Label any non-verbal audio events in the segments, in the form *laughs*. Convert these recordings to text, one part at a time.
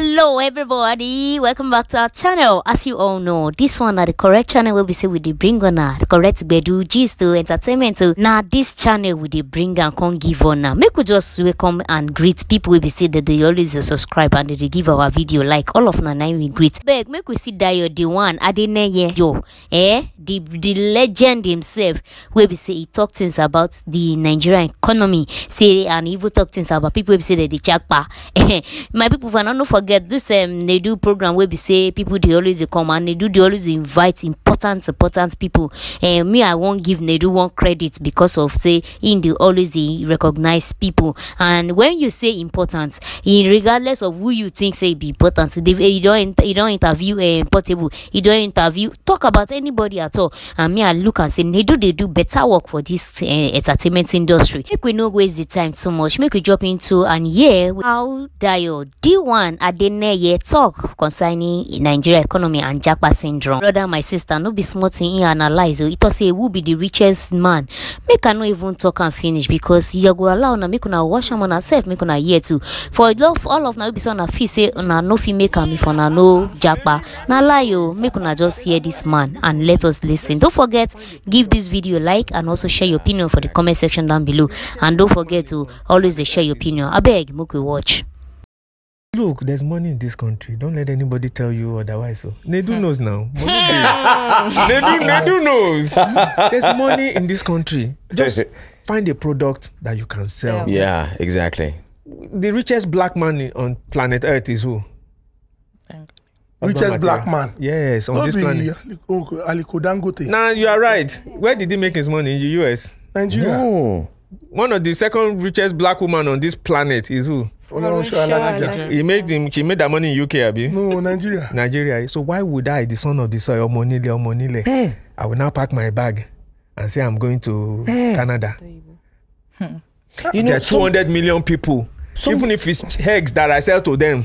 hello everybody welcome back to our channel as you all know this one na the correct channel where we say we dey bring una correct bedu gist to entertainment So now this channel we the bring am come give una make we just welcome and greet people We be say that they always subscribe and they give our video like all of na na we greet beg make we see that you're the one adeneye yo eh the the legend himself Where we say he talk things about the nigerian economy say and even talk things about people We say that dey japa *laughs* my people for no for. Get this um, they do program where we say people they always they come and they do they always invite important important people and um, me i won't give nedu one credit because of say in the always they recognize people and when you say important in regardless of who you think say e be important they, you eh, don't you don't interview a um, uh, portable you don't interview talk about anybody at all and me i look and say nedu they do better work for this uh, entertainment industry make we not waste the time too much make we drop into and yeah how dial d1 Adeneye talk concerning Nigeria economy and Japa syndrome. Brother, my sister, no be smart in in analyze. It oh. was say who be the richest man. Make I no even talk and finish because you go allow na make una wash am on herself, make una hear too. For love, all of na be so na feel say na no fi make am if una no Japa. Na lie o, oh, make una just hear this man and let us listen. Don't forget, give this video a like and also share your opinion for the comment section down below. And don't forget to always share your opinion. I beg, make we watch look there's money in this country don't let anybody tell you otherwise so nedu knows now nedu nedu knows there's money in this country just *laughs* find a product that you can sell yeah exactly the richest black man on planet earth is who richest black man. yes on Not this planet. no be aliko dangote. na you are right where did he make his money in the us. nigeria. no one of the second richest black woman on this planet is who? Fọlọ́runṣọ́ Alákìjà. He made him she made that money in UK abi? No Nigeria. Nigeria so why would I the son of the soil ọmọ onílẹ̀ ọmọ onílẹ̀? I will now pack my bag and say I'm going to hey. Canada. You know, there are two hundred million people some, even if it's eggs that I sell to them.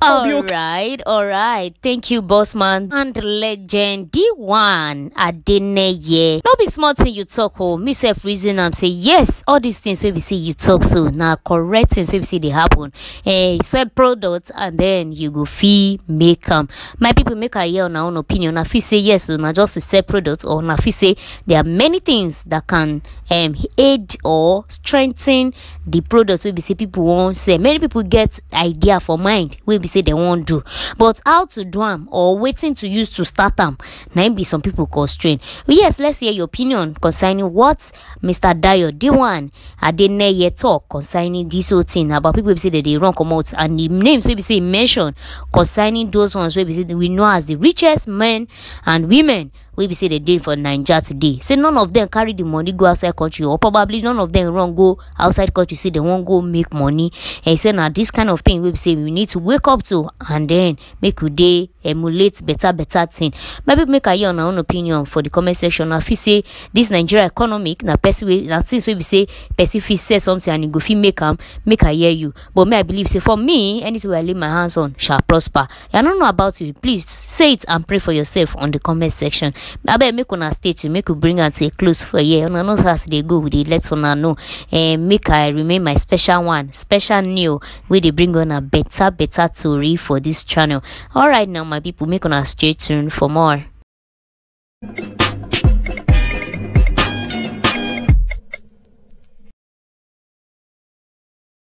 All right, all right. Thank you, Bossman. And legend D1 Adeneye. No be smart, thing you talk, oh. Me self reason I'm say, yes, all these things we see you talk so. Now correct things we see they happen. Eh, sell products and then you go fee make them. My people make a year on our own opinion. Now if you say yes, so not just to sell products or now if you say there are many things that can um aid or strengthen the products we be see people won't say. Many people get idea for mind. We be be say dem wan do but how to do am or wetin to use to start am na im be some pipo constrain yes let's hear your opinion concerning what mr dayo d1 adeneye talk concerning dis whole thing about pipo wey be say dem dey run comot and di names wey be say e mention concerning those ones wey be say we know as the richest men and women wey be say dey dey for naija today say none of dem carry the money go outside country or probably none of dem run go outside country say dem wan go make money and he say na this kind of thing wey be say we need to wake up to and then make we dey emulate better better thing Maybe make a year on own opinion for the comment section If you say this nigeria economic na person na things we say person fit say something and you go feel make am make i hear you but may i believe say for me anything i lay my hands on shall prosper i don't know about you please say it and pray for yourself on the comment section abeg make a stay to make we bring out to a close for here una know as they go we dey let una know and eh, make i remain my special one special new We they bring on a better better story for this channel alright now my might be making us stay tuned for more.